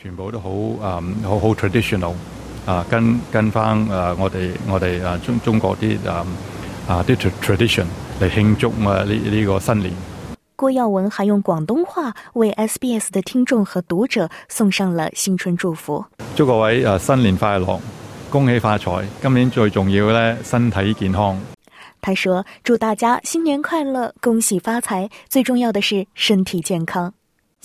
全部都好啊，好、嗯、好 traditional 啊，跟跟翻誒、啊，我哋我哋啊中中國啲啊啊啲 tradition 嚟慶祝啊呢呢、這個新年。郭耀文還用廣東話為 SBS 的聽眾和讀者送上了新春祝福。祝各位誒新年快樂，恭喜發財，今年最重要咧，身體健康。他說：祝大家新年快樂，恭喜發財，最重要的是身體健康。